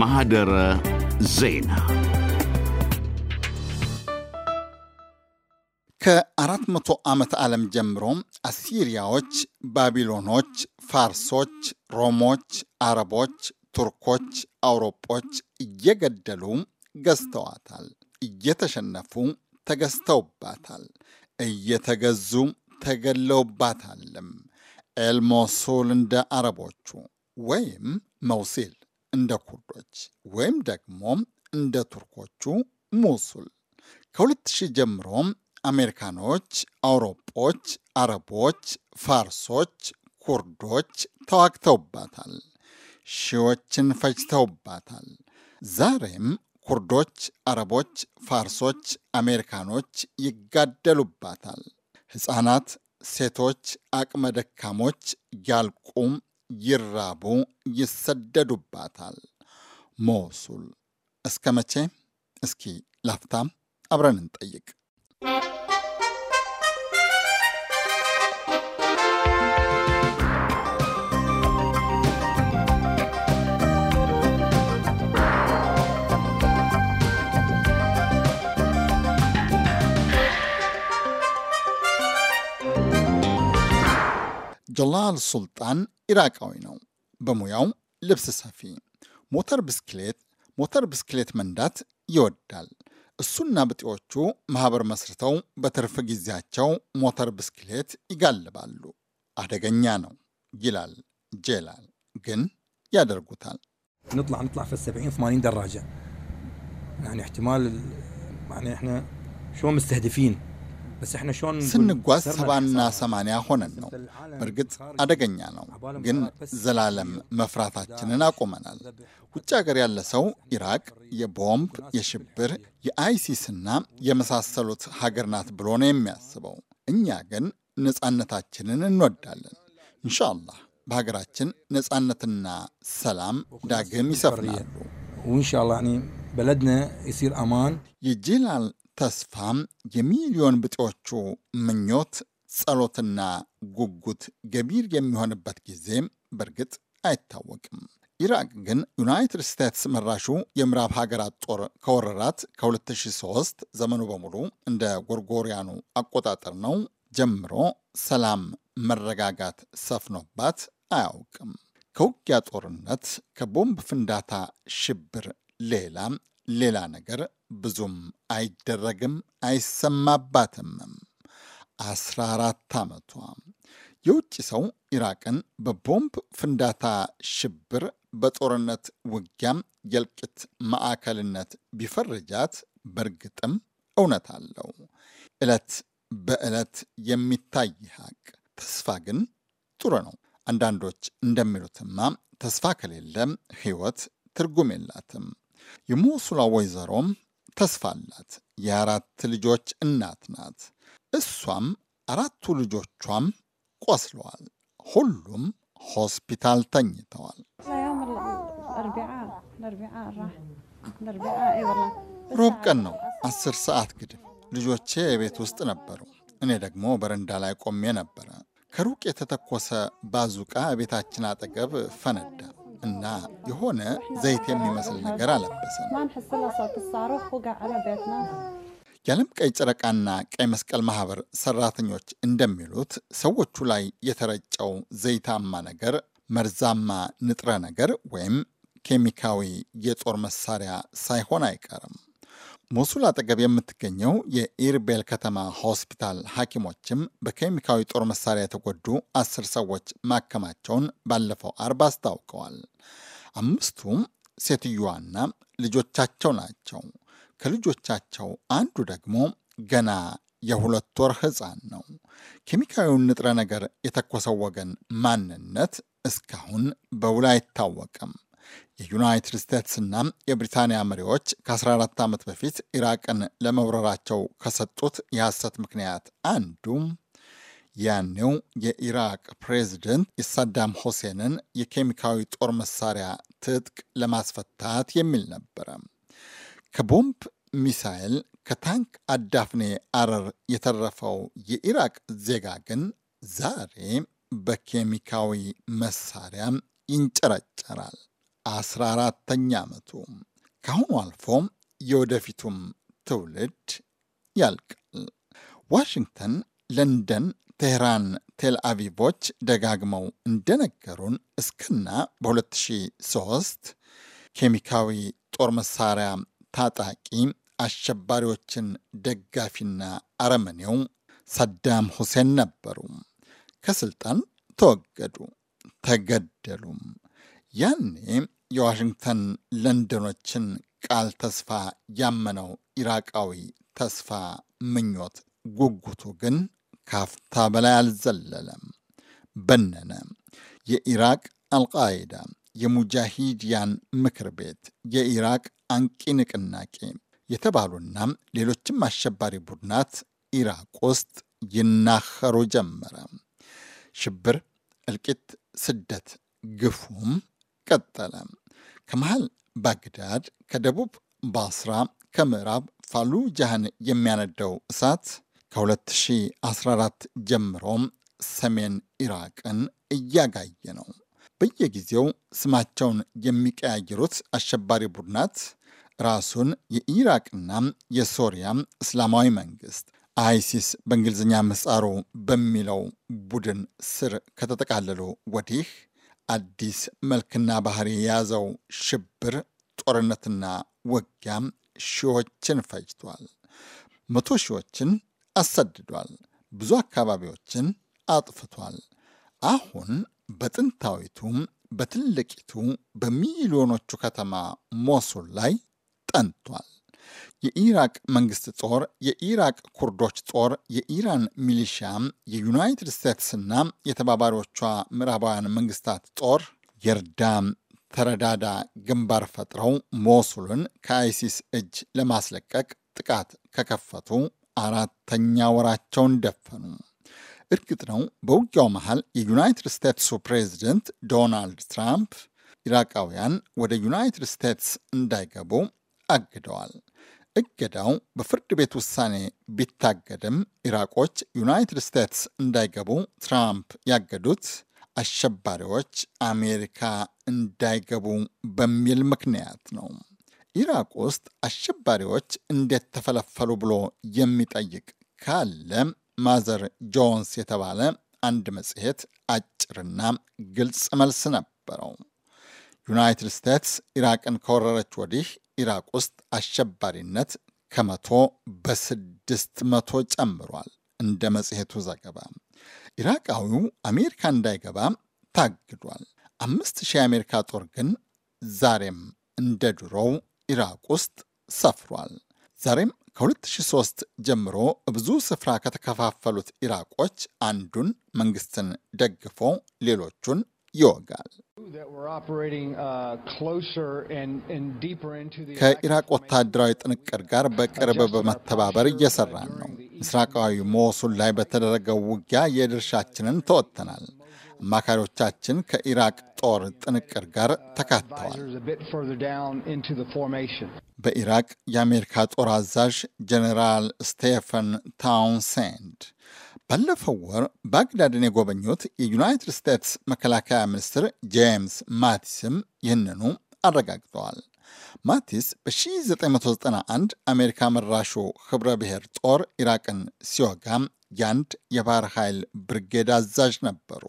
ማህደረ ዜና ከአራት መቶ ዓመት ዓለም ጀምሮ አሲሪያዎች፣ ባቢሎኖች፣ ፋርሶች፣ ሮሞች፣ አረቦች፣ ቱርኮች፣ አውሮጶች እየገደሉ ገዝተዋታል። እየተሸነፉ ተገዝተውባታል። እየተገዙ ተገለውባታልም። ኤልሞሱል እንደ አረቦቹ ወይም መውሲል እንደ ኩርዶች ወይም ደግሞ እንደ ቱርኮቹ ሙሱል። ከ2000 ጀምሮ አሜሪካኖች፣ አውሮጶች፣ አረቦች፣ ፋርሶች፣ ኩርዶች ተዋግተውባታል። ሺዎችን ፈጅተውባታል። ዛሬም ኩርዶች፣ አረቦች፣ ፋርሶች፣ አሜሪካኖች ይጋደሉባታል። ሕፃናት ሴቶች፣ አቅመ ደካሞች ያልቁም፣ ይራቡ፣ ይሰደዱባታል ሞሱል። እስከ መቼ? እስኪ ላፍታም አብረን እንጠይቅ። ጀላል ሱልጣን ኢራቃዊ ነው። በሙያው ልብስ ሰፊ፣ ሞተር ብስክሌት ሞተር ብስክሌት መንዳት ይወዳል። እሱና ብጤዎቹ ማኅበር መስርተው በትርፍ ጊዜያቸው ሞተር ብስክሌት ይጋልባሉ። አደገኛ ነው ይላል ጄላል፣ ግን ያደርጉታል። نطلع نطلع في 70 80 يعني احتمال يعني احنا شو مستهدفين ስንጓዝ ሰባና ሰማንያ ሆነን ነው። በእርግጥ አደገኛ ነው፣ ግን ዘላለም መፍራታችንን አቁመናል። ውጭ ሀገር ያለ ሰው ኢራቅ የቦምብ የሽብር የአይሲስና የመሳሰሉት ሀገር ናት ብሎ ነው የሚያስበው። እኛ ግን ነፃነታችንን እንወዳለን። እንሻላ በሀገራችን ነፃነትና ሰላም ዳግም ይሰፍናሉ። በለድነ ይሲር አማን የጅላል ተስፋም የሚሊዮን ብጤዎቹ ምኞት፣ ጸሎትና ጉጉት ገቢር የሚሆንበት ጊዜ በእርግጥ አይታወቅም። ኢራቅ ግን ዩናይትድ ስቴትስ መራሹ የምዕራብ ሀገራት ጦር ከወረራት ከ2003 ዘመኑ በሙሉ እንደ ጎርጎሪያኑ አቆጣጠር ነው ጀምሮ ሰላም፣ መረጋጋት ሰፍኖባት አያውቅም። ከውጊያ ጦርነት፣ ከቦምብ ፍንዳታ፣ ሽብር ሌላ ሌላ ነገር ብዙም አይደረግም አይሰማባትምም። አስራ አራት ዓመቷ የውጭ ሰው ኢራቅን በቦምብ ፍንዳታ፣ ሽብር፣ በጦርነት ውጊያም የእልቂት ማዕከልነት ቢፈርጃት በእርግጥም እውነት አለው። ዕለት በዕለት የሚታይ ሀቅ። ተስፋ ግን ጥሩ ነው። አንዳንዶች እንደሚሉትማ ተስፋ ከሌለ ሕይወት ትርጉም የላትም። የሞሱላ ወይዘሮም ተስፋ አላት። የአራት ልጆች እናት ናት። እሷም አራቱ ልጆቿም ቆስለዋል። ሁሉም ሆስፒታል ተኝተዋል። ሮብ ቀን ነው፣ አስር ሰዓት ግድም። ልጆቼ የቤት ውስጥ ነበሩ። እኔ ደግሞ በረንዳ ላይ ቆሜ ነበረ። ከሩቅ የተተኮሰ ባዙቃ ቤታችን አጠገብ ፈነዳ። እና የሆነ ዘይት የሚመስል ነገር አለበሰን። የዓለም ቀይ ጨረቃና ቀይ መስቀል ማህበር ሰራተኞች እንደሚሉት ሰዎቹ ላይ የተረጨው ዘይታማ ነገር መርዛማ ንጥረ ነገር ወይም ኬሚካዊ የጦር መሳሪያ ሳይሆን አይቀርም። ሞሱል አጠገብ የምትገኘው የኢርቤል ከተማ ሆስፒታል ሐኪሞችም በኬሚካዊ ጦር መሳሪያ የተጎዱ አስር ሰዎች ማከማቸውን ባለፈው አርብ አስታውቀዋል። አምስቱም ሴትዮዋና ልጆቻቸው ናቸው። ከልጆቻቸው አንዱ ደግሞ ገና የሁለት ወር ሕፃን ነው። ኬሚካዊውን ንጥረ ነገር የተኮሰው ወገን ማንነት እስካሁን በውል አይታወቅም። የዩናይትድ ስቴትስና የብሪታንያ መሪዎች ከ14 ዓመት በፊት ኢራቅን ለመውረራቸው ከሰጡት የሐሰት ምክንያት አንዱ ያኔው የኢራቅ ፕሬዝደንት የሳዳም ሁሴንን የኬሚካዊ ጦር መሳሪያ ትጥቅ ለማስፈታት የሚል ነበረ። ከቦምብ ሚሳይል፣ ከታንክ አዳፍኔ አረር የተረፈው የኢራቅ ዜጋ ግን ዛሬ በኬሚካዊ መሳሪያ ይንጨረጨራል። 14ተኛ ዓመቱ ካሁኑ አልፎም የወደፊቱም ትውልድ ያልቃል። ዋሽንግተን፣ ለንደን፣ ቴህራን፣ ቴልአቪቦች ደጋግመው እንደነገሩን እስክና በ2003 ኬሚካዊ ጦር መሳሪያ ታጣቂ አሸባሪዎችን ደጋፊና አረመኔው ሳዳም ሁሴን ነበሩ። ከስልጣን ተወገዱ፣ ተገደሉም። ያኔ የዋሽንግተን ለንደኖችን ቃል ተስፋ ያመነው ኢራቃዊ ተስፋ ምኞት ጉጉቱ ግን ካፍታ በላይ አልዘለለም፣ በነነ። የኢራቅ አልቃይዳ፣ የሙጃሂዲያን ምክር ቤት፣ የኢራቅ አንቂ ንቅናቄ የተባሉና ሌሎችም አሸባሪ ቡድናት ኢራቅ ውስጥ ይናኸሩ ጀመረ። ሽብር፣ እልቂት፣ ስደት ግፉም ቀጠለ። ከመሃል ባግዳድ፣ ከደቡብ ባስራ፣ ከምዕራብ ፋሉ ጃህን የሚያነደው እሳት ከ2014 ጀምሮም ሰሜን ኢራቅን እያጋየ ነው። በየጊዜው ስማቸውን የሚቀያየሩት አሸባሪ ቡድናት ራሱን የኢራቅና የሶሪያ እስላማዊ መንግስት አይሲስ በእንግሊዝኛ ምህጻሩ በሚለው ቡድን ስር ከተጠቃለሉ ወዲህ አዲስ መልክና ባህሪ የያዘው ሽብር፣ ጦርነትና ውጊያም ሺዎችን ፈጅቷል። መቶ ሺዎችን አሰድዷል። ብዙ አካባቢዎችን አጥፍቷል። አሁን በጥንታዊቱም በትልቂቱ በሚሊዮኖቹ ከተማ ሞሱል ላይ ጠንቷል። የኢራቅ መንግስት ጦር፣ የኢራቅ ኩርዶች ጦር፣ የኢራን ሚሊሺያ፣ የዩናይትድ ስቴትስና የተባባሪዎቿ ምዕራባውያን መንግስታት ጦር የርዳም ተረዳዳ ግንባር ፈጥረው ሞሱልን ከአይሲስ እጅ ለማስለቀቅ ጥቃት ከከፈቱ አራተኛ ወራቸውን ደፈኑ። እርግጥ ነው በውጊያው መሃል የዩናይትድ ስቴትሱ ፕሬዚደንት ዶናልድ ትራምፕ ኢራቃውያን ወደ ዩናይትድ ስቴትስ እንዳይገቡ አግደዋል። እገዳው በፍርድ ቤት ውሳኔ ቢታገድም ኢራቆች ዩናይትድ ስቴትስ እንዳይገቡ ትራምፕ ያገዱት አሸባሪዎች አሜሪካ እንዳይገቡ በሚል ምክንያት ነው። ኢራቅ ውስጥ አሸባሪዎች እንዴት ተፈለፈሉ ብሎ የሚጠይቅ ካለ ማዘር ጆንስ የተባለ አንድ መጽሔት አጭርና ግልጽ መልስ ነበረው። ዩናይትድ ስቴትስ ኢራቅን ከወረረች ወዲህ ኢራቅ ውስጥ አሸባሪነት ከመቶ በስድስት መቶ ጨምሯል። እንደ መጽሔቱ ዘገባ ኢራቃዊው አሜሪካ እንዳይገባ ታግዷል። አምስት ሺህ የአሜሪካ ጦር ግን ዛሬም እንደ ድሮው ኢራቅ ውስጥ ሰፍሯል። ዛሬም ከ2003 ጀምሮ ብዙ ስፍራ ከተከፋፈሉት ኢራቆች አንዱን መንግስትን ደግፎ ሌሎቹን ይወጋል። uh, ከኢራቅ ወታደራዊ ጥንቅር ጋር በቅርብ በመተባበር እየሰራን ነው። ምስራቃዊ ሞሱል ላይ በተደረገው ውጊያ የድርሻችንን ተወጥተናል። አማካሪዎቻችን ከኢራቅ ጦር ጥንቅር ጋር ተካተዋል። በኢራቅ የአሜሪካ ጦር አዛዥ ጀኔራል ስቴፈን ታውንሴንድ ባለፈው ወር ባግዳድን የጎበኙት የዩናይትድ ስቴትስ መከላከያ ሚኒስትር ጄምስ ማቲስም ይህንኑ አረጋግጠዋል። ማቲስ በ1991 አሜሪካ መራሹ ኅብረ ብሔር ጦር ኢራቅን ሲወጋ የአንድ የባህር ኃይል ብርጌድ አዛዥ ነበሩ።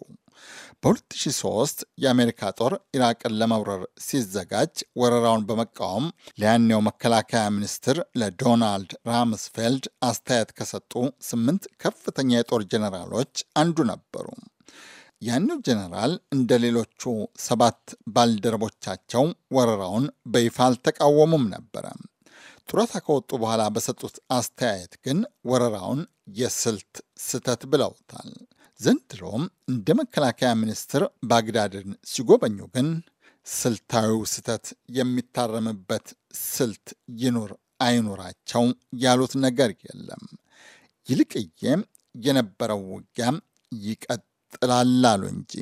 በ2003 የአሜሪካ ጦር ኢራቅን ለመውረር ሲዘጋጅ ወረራውን በመቃወም ለያኔው መከላከያ ሚኒስትር ለዶናልድ ራምስፌልድ አስተያየት ከሰጡ ስምንት ከፍተኛ የጦር ጀነራሎች አንዱ ነበሩ። ያኔው ጀነራል እንደ ሌሎቹ ሰባት ባልደረቦቻቸው ወረራውን በይፋ አልተቃወሙም ነበረ። ጡረታ ከወጡ በኋላ በሰጡት አስተያየት ግን ወረራውን የስልት ስህተት ብለውታል። ዘንድሮም እንደ መከላከያ ሚኒስትር ባግዳድን ሲጎበኙ ግን ስልታዊው ስህተት የሚታረምበት ስልት ይኑር አይኑራቸው ያሉት ነገር የለም። ይልቅዬ የነበረው ውጊያ ይቀጥላል አሉ እንጂ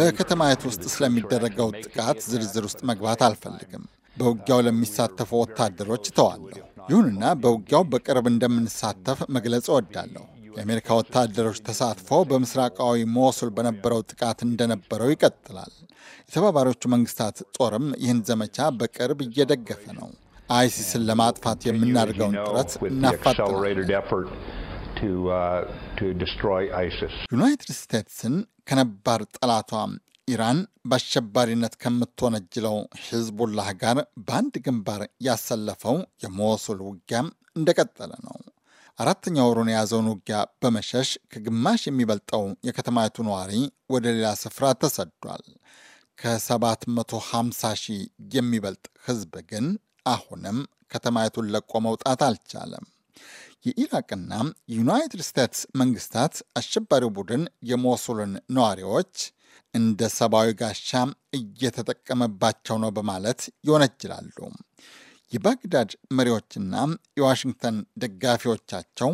በከተማየት ውስጥ ስለሚደረገው ጥቃት ዝርዝር ውስጥ መግባት አልፈልግም። በውጊያው ለሚሳተፉ ወታደሮች እተዋለሁ። ይሁንና በውጊያው በቅርብ እንደምንሳተፍ መግለጽ እወዳለሁ። የአሜሪካ ወታደሮች ተሳትፎ በምስራቃዊ ሞሱል በነበረው ጥቃት እንደነበረው ይቀጥላል። የተባባሪዎቹ መንግስታት ጦርም ይህን ዘመቻ በቅርብ እየደገፈ ነው። አይሲስን ለማጥፋት የምናደርገውን ጥረት እናፋጥናለን። ዩናይትድ ስቴትስን ከነባር ጠላቷ ኢራን በአሸባሪነት ከምትወነጅለው ሂዝቡላህ ጋር በአንድ ግንባር ያሰለፈው የሞሱል ውጊያም እንደቀጠለ ነው። አራተኛ ወሩን የያዘውን ውጊያ በመሸሽ ከግማሽ የሚበልጠው የከተማይቱ ነዋሪ ወደ ሌላ ስፍራ ተሰዷል። ከ750 ሺህ የሚበልጥ ህዝብ ግን አሁንም ከተማይቱን ለቆ መውጣት አልቻለም። የኢራቅና ዩናይትድ ስቴትስ መንግስታት አሸባሪው ቡድን የሞሱልን ነዋሪዎች እንደ ሰብአዊ ጋሻ እየተጠቀመባቸው ነው በማለት ይወነጅላሉ። የባግዳድ መሪዎችና የዋሽንግተን ደጋፊዎቻቸው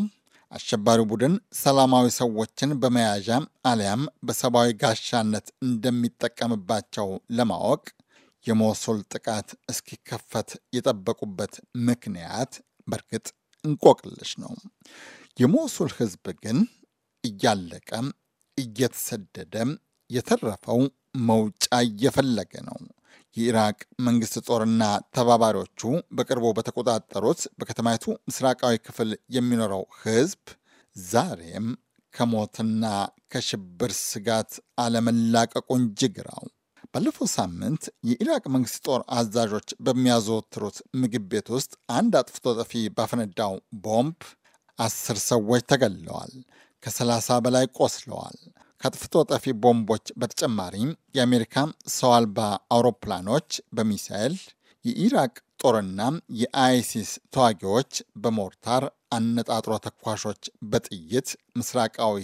አሸባሪው ቡድን ሰላማዊ ሰዎችን በመያዣ አሊያም በሰብአዊ ጋሻነት እንደሚጠቀምባቸው ለማወቅ የሞሱል ጥቃት እስኪከፈት የጠበቁበት ምክንያት በእርግጥ እንቆቅልሽ ነው። የሞሱል ሕዝብ ግን እያለቀ እየተሰደደ የተረፈው መውጫ እየፈለገ ነው። የኢራቅ መንግስት ጦርና ተባባሪዎቹ በቅርቡ በተቆጣጠሩት በከተማይቱ ምስራቃዊ ክፍል የሚኖረው ህዝብ ዛሬም ከሞትና ከሽብር ስጋት አለመላቀቁን ጅግራው። ባለፈው ሳምንት የኢራቅ መንግስት ጦር አዛዦች በሚያዘወትሩት ምግብ ቤት ውስጥ አንድ አጥፍቶ ጠፊ ባፈነዳው ቦምብ አስር ሰዎች ተገለዋል፣ ከ30 በላይ ቆስለዋል። ከአጥፍቶ ጠፊ ቦምቦች በተጨማሪ የአሜሪካ ሰው አልባ አውሮፕላኖች በሚሳኤል የኢራቅ ጦርና የአይሲስ ተዋጊዎች በሞርታር አነጣጥሮ ተኳሾች በጥይት ምስራቃዊ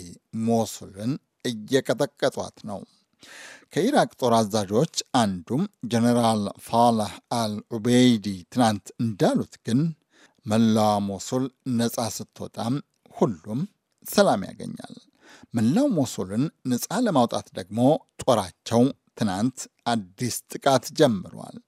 ሞሱልን እየቀጠቀጧት ነው። ከኢራቅ ጦር አዛዦች አንዱም ጀኔራል ፋላህ አልዑበይዲ ትናንት እንዳሉት ግን መላዋ ሞሱል ነፃ ስትወጣም ሁሉም ሰላም ያገኛል። መላው ሞሶልን ነፃ ለማውጣት ደግሞ ጦራቸው ትናንት አዲስ ጥቃት ጀምሯል።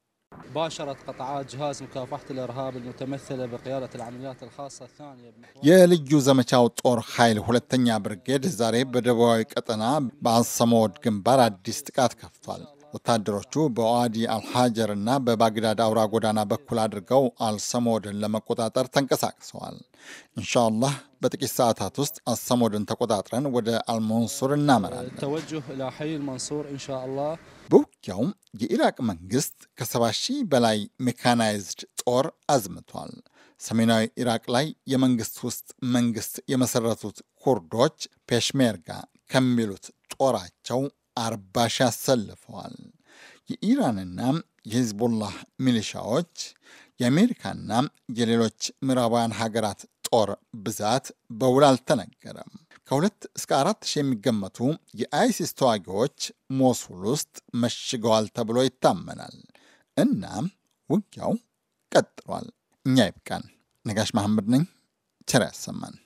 የልዩ ዘመቻው ጦር ኃይል ሁለተኛ ብርጌድ ዛሬ በደቡባዊ ቀጠና በአሰሞወድ ግንባር አዲስ ጥቃት ከፍቷል። ወታደሮቹ በኦዋዲ አልሃጀር እና በባግዳድ አውራ ጎዳና በኩል አድርገው አልሰሞድን ለመቆጣጠር ተንቀሳቅሰዋል። ኢንሻአላህ በጥቂት ሰዓታት ውስጥ አልሰሞድን ተቆጣጥረን ወደ አልመንሱር እናመራለን። በውጊያውም የኢራቅ መንግስት ከሰባ ሺህ በላይ ሜካናይዝድ ጦር አዝምቷል። ሰሜናዊ ኢራቅ ላይ የመንግስት ውስጥ መንግስት የመሰረቱት ኩርዶች ፔሽሜርጋ ከሚሉት ጦራቸው አርባ ሺህ አሰልፈዋል። የኢራንና የህዝቡላህ ሚሊሻዎች የአሜሪካና የሌሎች ምዕራባውያን ሀገራት ጦር ብዛት በውል አልተነገረም። ከሁለት እስከ አራት ሺህ የሚገመቱ የአይሲስ ተዋጊዎች ሞሱል ውስጥ መሽገዋል ተብሎ ይታመናል። እናም ውጊያው ቀጥሏል። እኛ ይብቃን። ነጋሽ መሐመድ ነኝ። ቸር ያሰማን።